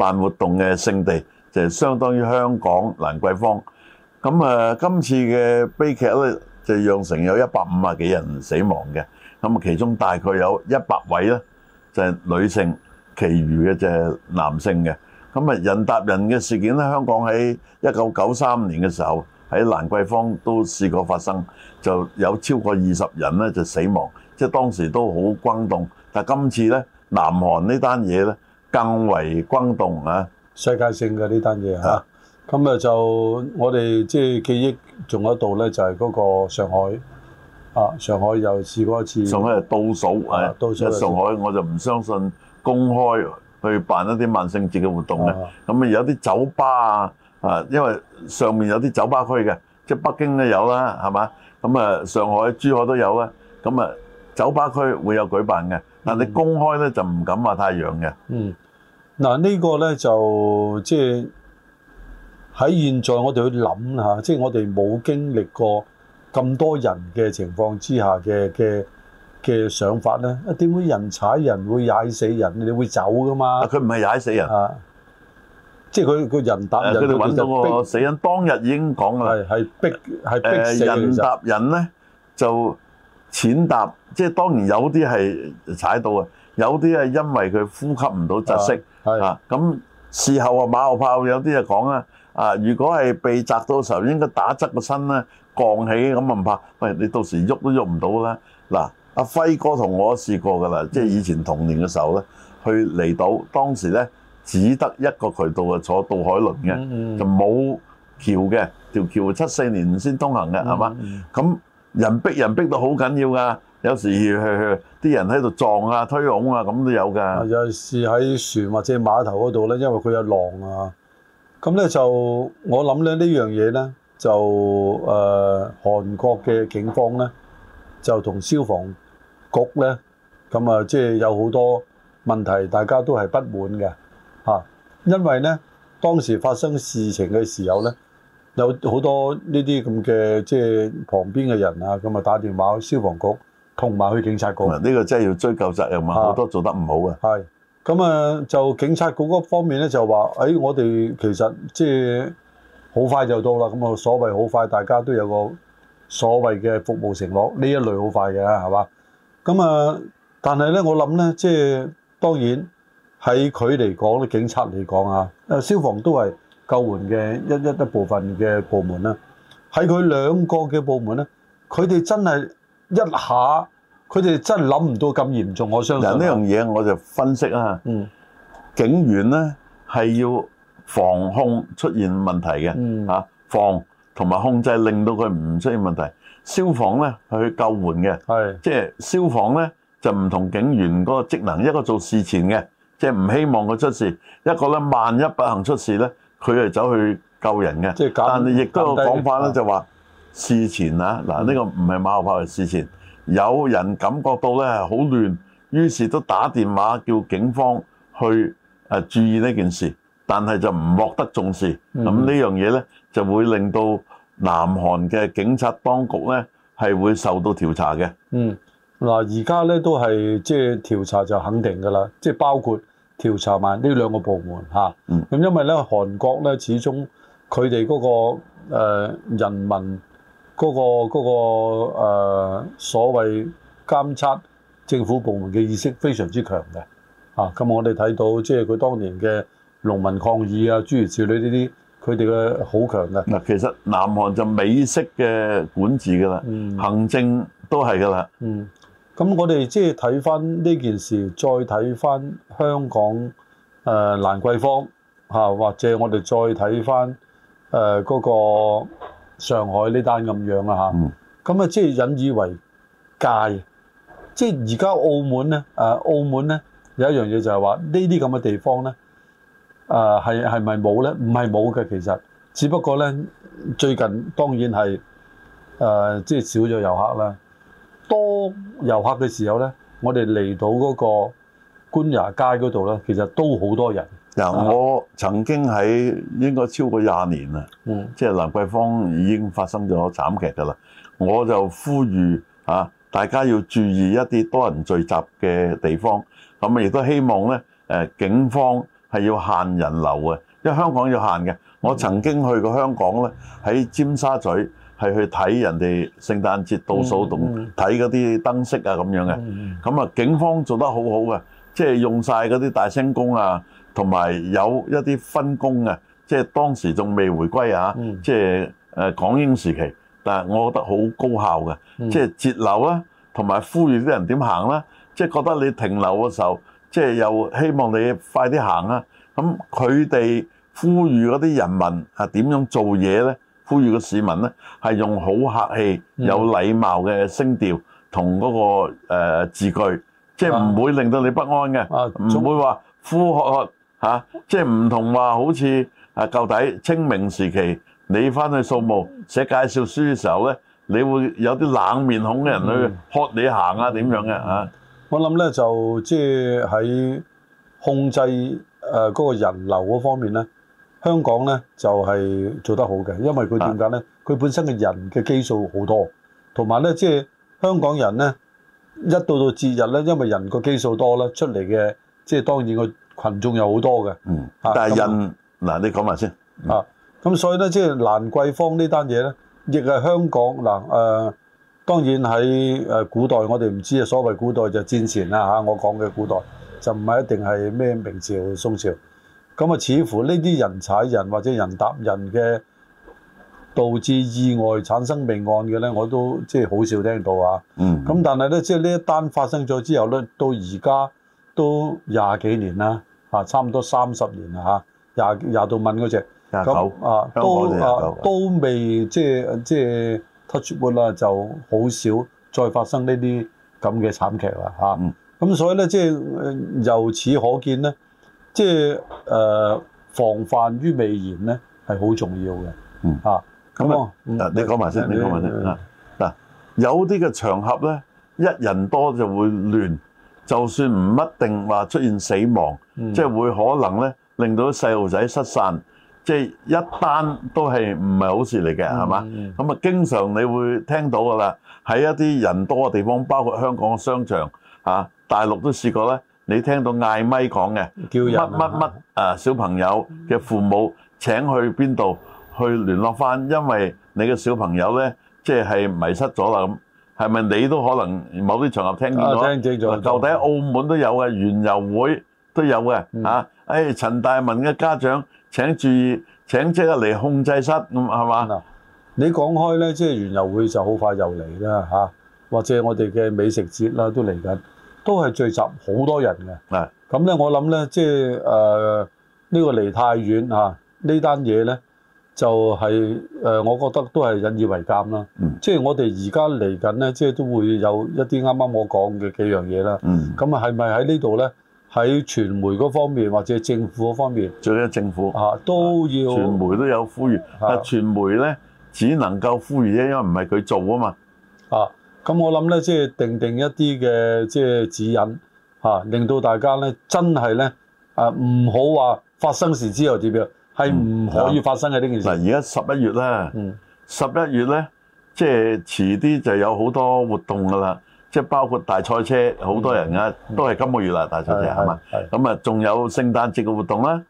辦活動嘅聖地就係相當於香港蘭桂坊，咁啊今次嘅悲劇咧就釀成有一百五十幾人死亡嘅，咁啊其中大概有一百位咧就係女性，其餘嘅就係男性嘅，咁啊人達人嘅事件咧，香港喺一九九三年嘅時候喺蘭桂坊都試過發生，就有超過二十人咧就死亡，即係當時都好轟動，但係今次咧南韓呢單嘢咧。更為轟動啊！世界性嘅呢單嘢嚇，今日就我哋即係記憶仲有一度咧，就係嗰個上海啊，上海又試過一次。上海係倒數係，倒數喺上海我就唔相信公開去辦一啲萬聖節嘅活動嘅。咁啊有啲酒吧啊啊，因為上面有啲酒吧區嘅，即係北京都有啦，係嘛？咁啊上海、珠海都有啦。咁啊酒吧區會有舉辦嘅，但係你公開咧就唔敢話太陽嘅。嗯。嗱、啊這個、呢個咧就即係喺現在，我哋去諗下，即係我哋冇經歷過咁多人嘅情況之下嘅嘅嘅想法咧。啊，點會人踩人會踩死人？你會走噶嘛？佢唔係踩死人啊，即係佢個人踏人，佢哋揾到個死人，他當日已經講啦。係係逼係逼，逼死人踏人咧就踐踏，即係當然有啲係踩到嘅。有啲係因為佢呼吸唔到窒息，啊咁事後啊馬後炮，有啲就講呀，啊！如果係被砸到時候，應該打側個身咧，降起咁唔怕，喂，你到時喐都喐唔到啦。嗱、啊，阿輝哥同我試過噶啦，嗯、即係以前童年嘅時候咧，去離島，當時咧只得一個渠道啊坐渡海輪嘅，嗯嗯就冇橋嘅，條橋七四年先通行嘅，係嘛、嗯嗯？咁人逼人逼到好緊要噶。有時去啲人喺度撞啊推擁啊咁都有㗎。有時喺船或者碼頭嗰度咧，因為佢有浪啊。咁咧就我諗咧呢樣嘢咧，就誒、呃、韓國嘅警方咧就同消防局咧，咁啊即係有好多問題，大家都係不滿嘅嚇。因為咧當時發生事情嘅時候咧，有好多呢啲咁嘅即係旁邊嘅人啊，咁啊打電話去消防局。同埋去警察局，呢個真係要追究責任嘛。好多做得唔好嘅。係咁啊，就警察局嗰方面咧，就話誒，我哋其實即係好快就到啦。咁啊，所謂好快，大家都有個所謂嘅服務承諾呢一類好快嘅係嘛？咁啊，但係咧，我諗咧，即係當然喺佢嚟講咧，警察嚟講啊，誒，消防都係救援嘅一一一部分嘅部門啦。喺佢兩個嘅部門咧，佢哋真係。一下，佢哋真係諗唔到咁嚴重，我相信。呢樣嘢我就分析啊。嗯。警員咧係要防控出現問題嘅，嚇、嗯、防同埋控制，令到佢唔出現問題。消防咧係去救援嘅，是即係消防咧就唔同警員嗰個職能，一個做事前嘅，即係唔希望佢出事；一個咧萬一不幸出事咧，佢係走去救人嘅。即係減低。但係亦都有講法咧，就話。事前啊，嗱、這、呢個唔係馬後炮嘅事前，有人感覺到咧係好亂，於是都打電話叫警方去誒注意呢件事，但係就唔獲得重視。咁呢樣嘢咧就會令到南韓嘅警察當局咧係會受到調查嘅。嗯，嗱而家咧都係即係調查就肯定㗎啦，即係包括調查埋呢兩個部門嚇。咁、嗯、因為咧韓國咧始終佢哋嗰個、呃、人民。嗰、那個嗰、那個、呃、所謂監察政府部門嘅意識非常之強嘅，啊！咁我哋睇到即係佢當年嘅農民抗議啊、諸如此類呢啲，佢哋嘅好強嘅。嗱，其實南韓就美式嘅管治㗎啦，行政都係㗎啦。嗯，咁我哋即係睇翻呢件事，再睇翻香港誒蘭、呃、桂坊嚇、啊，或者我哋再睇翻誒嗰個。上海呢單咁樣啦嚇，咁啊即係引以為戒，即係而家澳門咧，誒澳門咧有一樣嘢就係話呢啲咁嘅地方咧，誒係係咪冇咧？唔係冇嘅，其實，只不過咧最近當然係誒即係少咗遊客啦。多遊客嘅時候咧，我哋嚟到嗰個官也街嗰度咧，其實都好多人。我曾經喺應該超過廿年啦，嗯、即係蘭桂坊已經發生咗慘劇嘅啦。我就呼籲啊，大家要注意一啲多人聚集嘅地方。咁啊，亦都希望咧，誒、啊、警方係要限人流嘅，因為香港要限嘅。嗯、我曾經去過香港咧，喺尖沙咀係去睇人哋聖誕節倒數同睇嗰啲燈飾啊咁樣嘅。咁啊，警方做得好好嘅，即係用晒嗰啲大聲公啊！同埋有一啲分工嘅，即係當時仲未回歸啊，即係誒港英時期，但係我覺得好高效嘅，即係截流啦，同埋呼籲啲人點行啦，即係覺得你停留嘅時候，即係又希望你快啲行啦。咁佢哋呼籲嗰啲人民係點樣做嘢咧？呼籲個市民咧係用好客氣、有禮貌嘅聲調同嗰個誒字句，即係唔會令到你不安嘅，唔會話呼喝。嚇、啊，即係唔同話，好似啊，舊底清明時期你翻去掃墓寫介紹書嘅時候咧，你會有啲冷面孔嘅人去喝你行啊點、嗯、樣嘅嚇？啊、我諗咧就即係喺控制誒嗰、呃嗰個人流嗰方面咧，香港咧就係、是、做得好嘅，因為佢點解咧？佢、啊、本身嘅人嘅基數好多，同埋咧即係香港人咧一到到節日咧，因為人個基數多啦，出嚟嘅即係當然佢。群眾有好多嘅、嗯，嗯，但係人嗱，你講埋先啊，咁所以咧，即係蘭桂坊呢單嘢咧，亦係香港嗱誒、啊呃，當然喺誒古代我哋唔知啊，所謂古代就戰前啦嚇、啊，我講嘅古代就唔係一定係咩明朝、宋朝，咁啊，似乎呢啲人踩人或者人踏人嘅導致意外產生命案嘅咧，我都即係好少聽到啊，嗯，咁、啊、但係咧，即係呢一單發生咗之後咧，到而家都廿幾年啦。啊，差唔多三十年啦，嚇，廿廿到蚊嗰隻咁啊，都啊都未即係即係 touch wood 啦，就好少再發生呢啲咁嘅慘劇啦，嚇。咁所以咧，即係由此可見咧，即係誒防範於未然咧係好重要嘅，嚇。咁啊，你講埋先，你講埋先啊。嗱，有啲嘅場合咧，一人多就會亂，就算唔一定話出現死亡，即係會可能咧，令到細路仔失散，即係一單都係唔係好事嚟嘅，係嘛？咁啊，經常你會聽到噶啦，喺一啲人多嘅地方，包括香港嘅商場嚇，大陸都試過咧。你聽到嗌咪講嘅，叫乜乜乜誒，小朋友嘅父母請去邊度去聯絡翻，因為你嘅小朋友咧，即係係迷失咗啦咁。係咪你都可能某啲場合聽見咗？到底澳門都有嘅園遊會。都有嘅啊！誒、哎，陳大文嘅家長請注意，請即刻嚟控制室，咁係嘛？你講開咧，即係園遊會就好快又嚟啦嚇，或者我哋嘅美食節啦都嚟緊，都係聚集好多人嘅。咁咧的，我諗咧，即係誒呢個離太遠嚇，啊、這事呢單嘢咧就係、是、誒、呃，我覺得都係引以為鑑啦。即係、嗯、我哋而家嚟緊咧，即、就、係、是、都會有一啲啱啱我講嘅幾樣嘢啦。咁係咪喺呢度咧？喺傳媒嗰方面或者政府嗰方面，最緊要政府啊都要傳媒都有呼籲啊！的傳媒咧只能夠呼籲，因為唔係佢做啊嘛。啊，咁我諗咧，即係定定一啲嘅即係指引啊，令到大家咧真係咧啊，唔好話發生時之後點樣，係唔可以發生嘅、嗯、呢件事。嗱，而家十一月咧，十一月咧，即係遲啲就有好多活動噶啦。即係包括大賽車，好多人啊，都係今個月啦，大賽車係嘛，咁啊，仲有聖誕節嘅活動啦，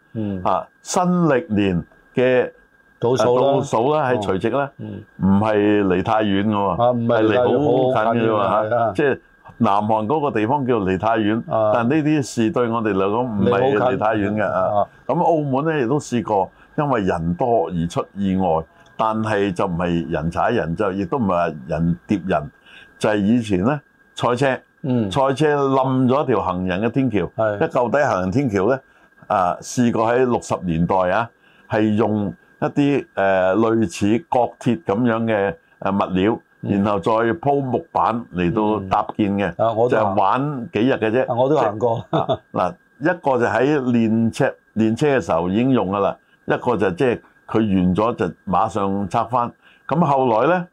嚇新歷年嘅倒數啦，係除夕啦，唔係離太遠嘅喎，係離好近嘅啫嘛嚇，即係南韓嗰個地方叫離太遠，但係呢啲事對我哋嚟講唔係離太遠嘅啊。咁澳門咧亦都試過，因為人多而出意外，但係就唔係人踩人就，亦都唔係話人疊人，就係以前咧。賽車，嗯，賽車冧咗一條行人嘅天橋，一舊底行人天橋咧，啊，試過喺六十年代啊，係用一啲誒類似角鐵咁樣嘅誒物料，然後再鋪木板嚟到搭建嘅，就係玩幾日嘅啫。我都行過。嗱，一個就喺練車練車嘅時候已經用噶啦，一個就即係佢完咗就馬上拆翻。咁後來咧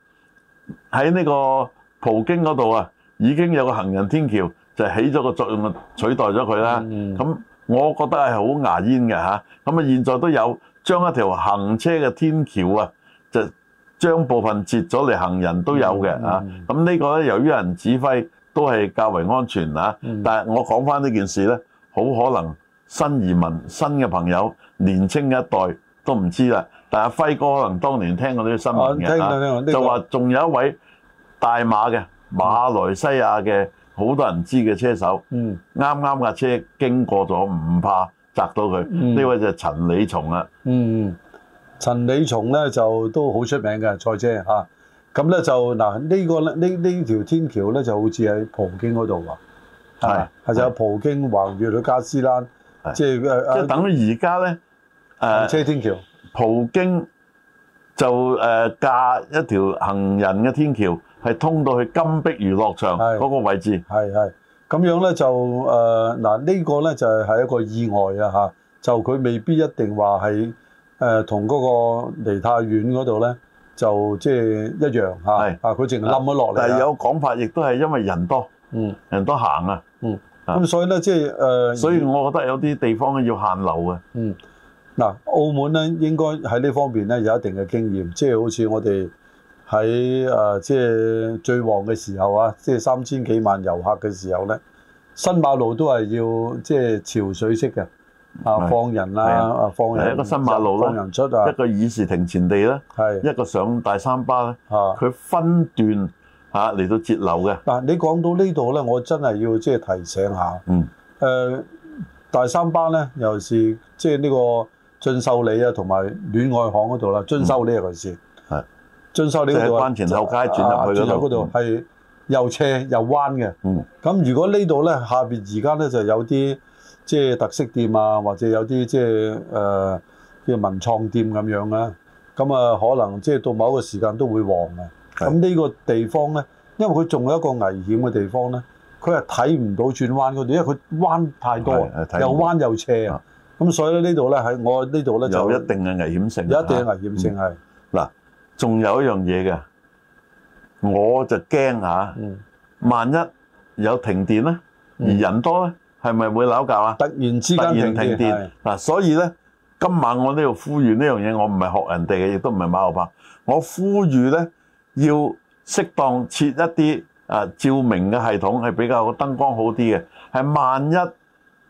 喺呢個葡京嗰度啊。已經有個行人天橋就起咗個作用取代咗佢啦。咁、嗯、我覺得係好牙煙嘅咁啊，現在都有將一條行車嘅天橋啊，就將部分截咗嚟，行人都有嘅咁、嗯啊、呢個咧，由於人指揮都係較為安全啊。但係我講返呢件事咧，好、嗯、可能新移民、新嘅朋友、年青一代都唔知啦。但係輝哥可能當年聽過呢啲新聞嘅、這個、就話仲有一位大馬嘅。馬來西亞嘅好多人知嘅車手，啱啱架車經過咗，唔怕砸到佢。呢、嗯、位就係陳李松啦。嗯嗯，陳李松咧就都好出名嘅賽車嚇。咁咧、啊、就嗱，呢、啊這個咧呢呢條天橋咧就好似喺葡京嗰度啊。係係是、啊、就葡京橫越到加斯蘭，即係即係等於而家咧，行、啊啊、車天橋，葡京就誒架一條行人嘅天橋。係通到去金碧娛樂場嗰個位置，係係咁樣呢，呃這個、就誒嗱呢個呢，就係一個意外啊吓，就佢未必一定話係誒同嗰個梨泰院嗰度呢，就即係一樣嚇，啊佢淨係冧咗落嚟。是但係有講法，亦都係因為人多，嗯，人多行啊，嗯，咁、啊、所以呢，即係誒，呃、所以我覺得有啲地方要限流嘅，嗯，嗱、呃，澳門呢，應該喺呢方面呢，有一定嘅經驗，即係好似我哋。喺誒即係最旺嘅時候啊，即係三千幾萬遊客嘅時候咧，新馬路都係要即係潮水式嘅啊，放人啊，是的放人是，一個新馬路放人出啊，一個議事亭前地啦，係的一個上大三巴咧，啊的，佢分段嚇嚟到截流嘅。嗱，你講到呢度咧，我真係要即係提醒一下，嗯，誒、呃、大三巴咧尤其是即係呢個進修裏啊同埋戀愛巷嗰度啦，遵修呢一回事。嗯進修呢度就前後街轉入嗰度，係又、啊、斜又彎嘅。咁、嗯、如果這裡呢度咧下邊而家咧就有啲即係特色店啊，或者有啲即係誒叫文創店咁樣啊。咁啊，可能即係到某一個時間都會旺嘅，啊。咁呢是個地方咧，因為佢仲有一個危險嘅地方咧，佢係睇唔到轉彎嗰度，因為佢彎太多，又彎又斜啊。咁所以咧呢度咧喺我這裡呢度咧就有一定嘅危險性，有一定嘅危險性係。啊嗯仲有一樣嘢嘅，我就驚嚇。萬一有停電咧，而人多咧，係咪會扭架啊？突然之間停電，所以咧今晚我呢度呼籲呢樣嘢，我唔係學人哋嘅，亦都唔係馬後炮。我呼籲咧，要適當設一啲啊照明嘅系統係比較個燈光好啲嘅。係萬一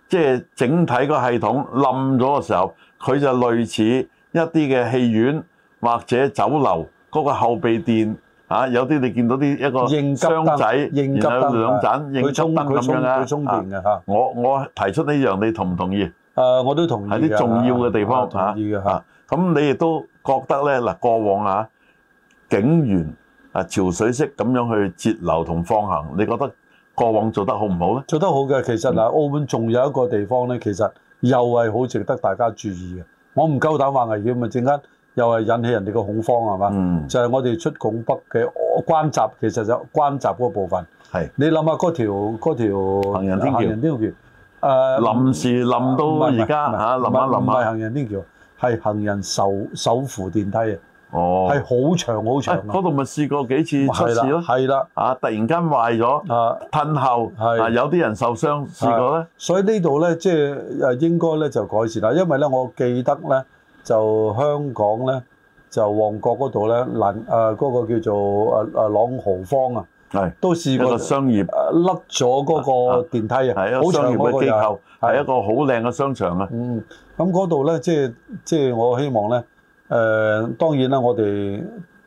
即係、就是、整體個系統冧咗嘅時候，佢就類似一啲嘅戲院。或者酒樓嗰個後備電啊，有啲你見到啲一個箱仔，然後兩盞應急燈咁樣啊。我我提出呢樣，你同唔同意？誒，我都同意。喺啲重要嘅地方嚇，同意嘅嚇。咁你亦都覺得咧嗱？過往嚇警員啊，潮水式咁樣去截流同放行，你覺得過往做得好唔好咧？做得好嘅，其實嗱，澳門仲有一個地方咧，其實又係好值得大家注意嘅。我唔夠膽話危險，咪陣間。又係引起人哋個恐慌係嘛？就係我哋出拱北嘅關閘，其實就關閘嗰部分。係，你諗下嗰條嗰條行人天橋，誒臨時臨到而家嚇，臨下臨下。唔係行人天橋，係行人手手扶電梯。哦，係好長好長。嗰度咪試過幾次出事咯？係啦，啊突然間壞咗，啊褪後，啊有啲人受傷，試過咧。所以呢度咧，即係誒應該咧就改善啦，因為咧我記得咧。就香港咧，就旺角嗰度咧，朗誒嗰個叫做誒誒朗豪坊啊，係是都試過一個商業甩咗嗰個電梯啊，係一個商業嘅機構，係、那個、一個好靚嘅商場啊。嗯，咁嗰度咧，即係即係我希望咧，誒、呃、當然啦，我哋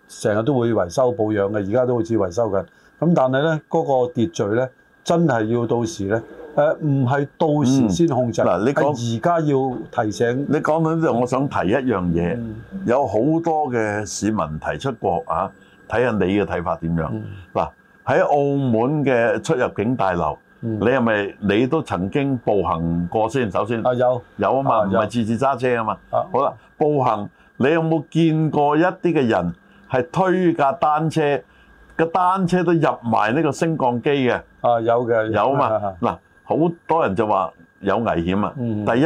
成日都會維修保養嘅，而家都好似維修緊。咁但係咧，嗰、那個秩序咧。真係要到時呢？誒唔係到時先控制嗱、嗯。你講而家要提醒你講到呢度，嗯、我想提一樣嘢，嗯、有好多嘅市民提出過啊，睇下你嘅睇法點樣嗱。喺、嗯啊、澳門嘅出入境大樓，嗯、你係咪你都曾經步行過先？首先啊，有有啊嘛，唔係次次揸車啊嘛。啊好啦，步行你有冇見過一啲嘅人係推架單車，個單車都入埋呢個升降機嘅？啊有嘅有啊嘛嗱，好、嗯、多人就話有危險啊！嗯、第一，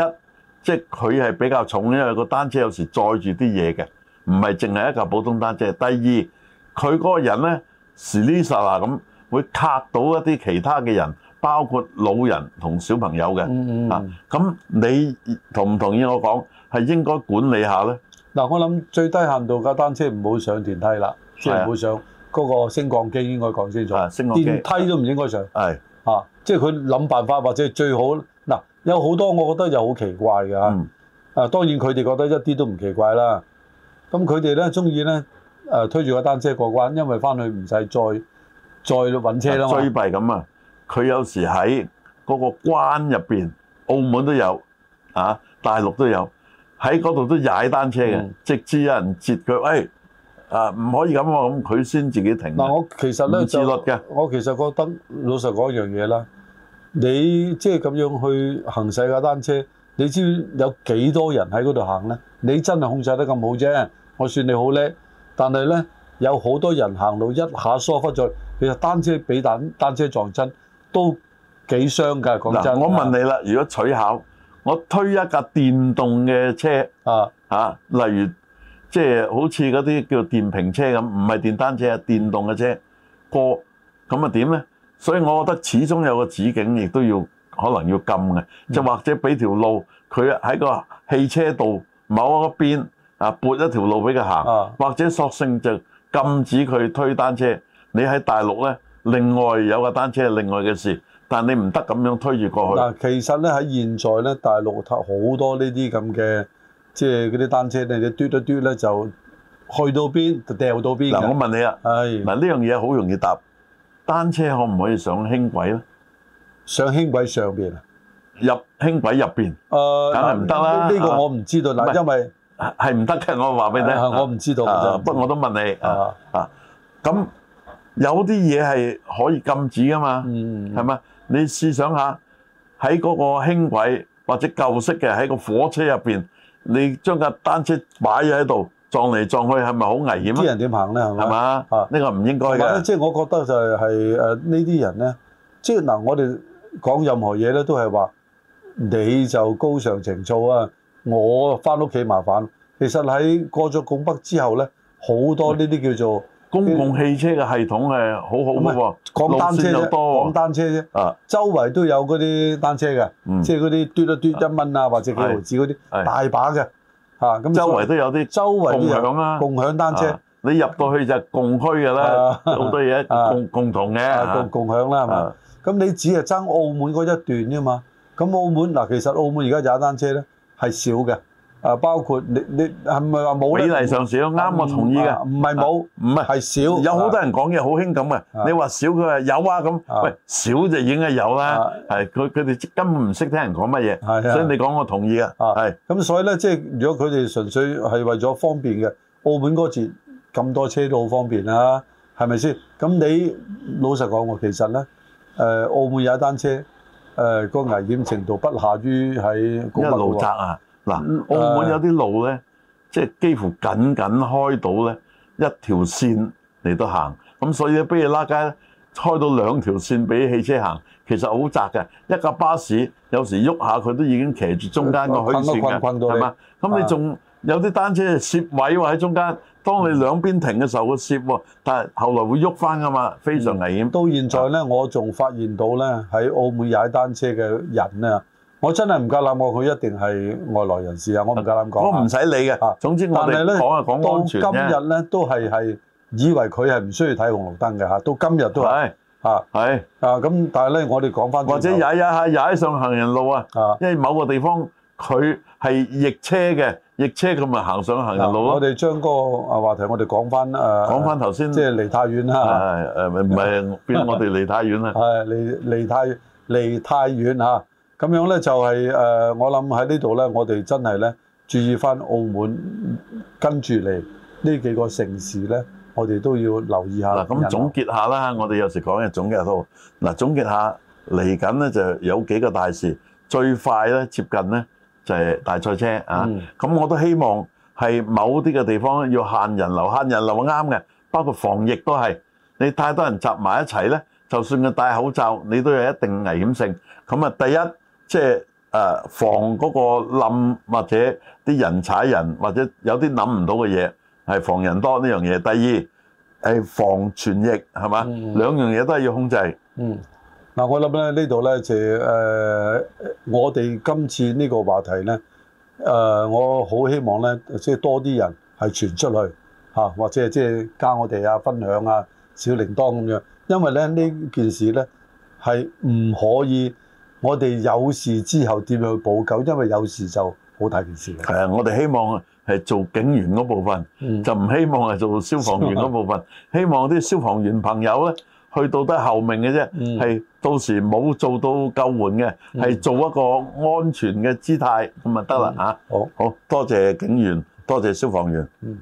即係佢係比較重，因為個單車有時載住啲嘢嘅，唔係淨係一架普通單車。第二，佢個個人咧時啲實啊咁，會卡到一啲其他嘅人，包括老人同小朋友嘅。嗯嗯、啊，咁你同唔同意我講係應該管理下咧？嗱、啊，我諗最低限度架單車唔好上電梯啦，即係唔好上。嗰個升降機應該講清楚，啊、升降機、電梯都唔應該上。係啊，即係佢諗辦法或者最好，嗱、啊，有好多我覺得就好奇怪嘅、嗯、啊，當然佢哋覺得一啲都唔奇怪啦。咁佢哋咧中意咧誒推住個單車過關，因為翻去唔使再再揾車啦嘛。最弊咁啊，佢說有時喺嗰個關入邊，澳門都有啊，大陸都有喺嗰度都踩單車嘅，嗯、直至有人截佢，喂、哎！啊！唔可以咁喎，咁佢先自己停。嗱，我其實咧就我其實覺得老實講一樣嘢啦，你即係咁樣去行駛架單車，你知有幾多人喺嗰度行咧？你真係控制得咁好啫，我算你好叻。但係咧，有好多人行路一下疏忽咗，其實單車俾單單，單車撞親都幾傷㗎。講真，我問你啦，如果取巧，我推一架電動嘅車啊嚇、啊，例如。即係好似嗰啲叫電瓶車咁，唔係電單車啊，電動嘅車過咁啊點呢？所以我覺得始終有個止境，亦都要可能要禁嘅，就、嗯、或者俾條路佢喺個汽車道某一邊啊，撥一條路俾佢行，啊、或者索性就禁止佢推單車。你喺大陸呢，另外有個單車，另外嘅事，但你唔得咁樣推住過去。但其實呢，喺現在呢，大陸好多呢啲咁嘅。即係嗰啲單車咧，你嘟嘟嘟咧就去到邊就掉到邊。嗱，我問你啊，係嗱呢樣嘢好容易搭單車，可唔可以上輕軌咧？上輕軌上邊啊？入輕軌入邊？誒，梗係唔得啦！呢個我唔知道。嗱，因為係唔得嘅，我話俾你聽。我唔知道，不過我都問你啊啊！咁有啲嘢係可以禁止噶嘛？係咪？你試想下喺嗰個輕軌或者舊式嘅喺個火車入邊。你將架單車擺喺度撞嚟撞去係咪好危險？啲人點行咧？係嘛？呢吧、啊、個唔應該嘅。即係、就係、我覺得就係、誒、呢啲人咧，即係嗱、啊，我哋講任何嘢咧都係話，你就高尚情操啊！我翻屋企麻煩。其實喺過咗拱北之後咧，好多呢啲叫做。嗯公共汽車嘅系統係好好嘅喎，講單車啫，講單車啫。啊，周圍都有嗰啲單車嘅，即係嗰啲嘟一嘟一蚊啊，或者幾毫子嗰啲，大把嘅嚇。咁周圍都有啲，周圍都有啲啊共享啦，共享單車。你入到去就係共虛嘅啦，好多嘢共共同嘅，共共享啦，係嘛？咁你只係爭澳門嗰一段啫嘛。咁澳門嗱，其實澳門而家踩單車咧係少嘅。誒包括你，你係唔係話冇比例上少，啱，我同意嘅，唔係冇，唔係係少。有好多人講嘢好輕感嘅，你話少佢話有啊，咁，喂少就應該有啦，係佢佢哋根本唔識聽人講乜嘢，所以你講我同意嘅，係咁所以咧，即係如果佢哋純粹係為咗方便嘅，澳門嗰節咁多車都好方便啦，係咪先？咁你老實講我其實咧，誒澳門踩單車誒個危險程度不下於喺高鐵喎。因為路窄啊。嗱、啊，澳門有啲路咧，即係幾乎僅僅開到咧一條線嚟都行，咁所以咧不如拉街開到兩條線俾汽車行，其實好窄嘅，一架巴士有時喐下佢都已經騎住中間個虛線嘅，係嘛？咁你仲、嗯嗯、有啲單車攝位喎喺中間，當你兩邊停嘅時候，會攝喎，但係後來會喐翻噶嘛，非常危險。嗯、到現在咧，是我仲發現到咧喺澳門踩單車嘅人咧。我真係唔夠膽講，佢一定係外來人士啊！我唔夠膽講。我唔使理嘅嚇。總之我哋講就講安全啫。但係咧，到今日咧都係係以為佢係唔需要睇紅綠燈嘅嚇，到今日都係嚇係啊！咁但係咧，我哋講翻或者踩一嚇踩上行人路啊！啊，因為某個地方佢係逆車嘅，逆車咁咪行上行人路咯。我哋將個啊話題，我哋講翻誒。講翻頭先，即係梨泰院啦。係誒，唔係變我哋梨泰院啦。係梨梨泰梨泰院嚇。咁樣咧就係、是、誒，我諗喺呢度咧，我哋真係咧注意翻澳門跟住嚟呢幾個城市咧，我哋都要留意下，下。嗱，咁總結下啦，我哋有時講嘅總結都嗱總結下嚟緊咧就有幾個大事，最快咧接近咧就係大賽車啊！咁、嗯、我都希望係某啲嘅地方要限人流，限人流啱嘅，包括防疫都係，你太多人集埋一齊咧，就算你戴口罩，你都有一定危險性。咁啊，第一。即係誒防嗰個冧，或者啲人踩人，或者有啲諗唔到嘅嘢，係防人多呢樣嘢。第二係防傳疫，係嘛？兩樣嘢都係要控制。嗯，嗱，我諗咧呢度咧就誒，我哋今次呢個話題咧，誒，我好希望咧，即係多啲人係傳出去嚇，或者即係加我哋啊分享啊小鈴鐺咁樣，因為咧呢件事咧係唔可以。我哋有事之後點樣去補救？因為有事就好大件事係啊，我哋希望係做警員嗰部分，嗯、就唔希望係做消防員嗰部分。防希望啲消防員朋友咧，去到得後面嘅啫，係、嗯、到時冇做到救援嘅，係、嗯、做一個安全嘅姿態咁咪得啦嚇，好，好多謝警員，多謝消防員。嗯。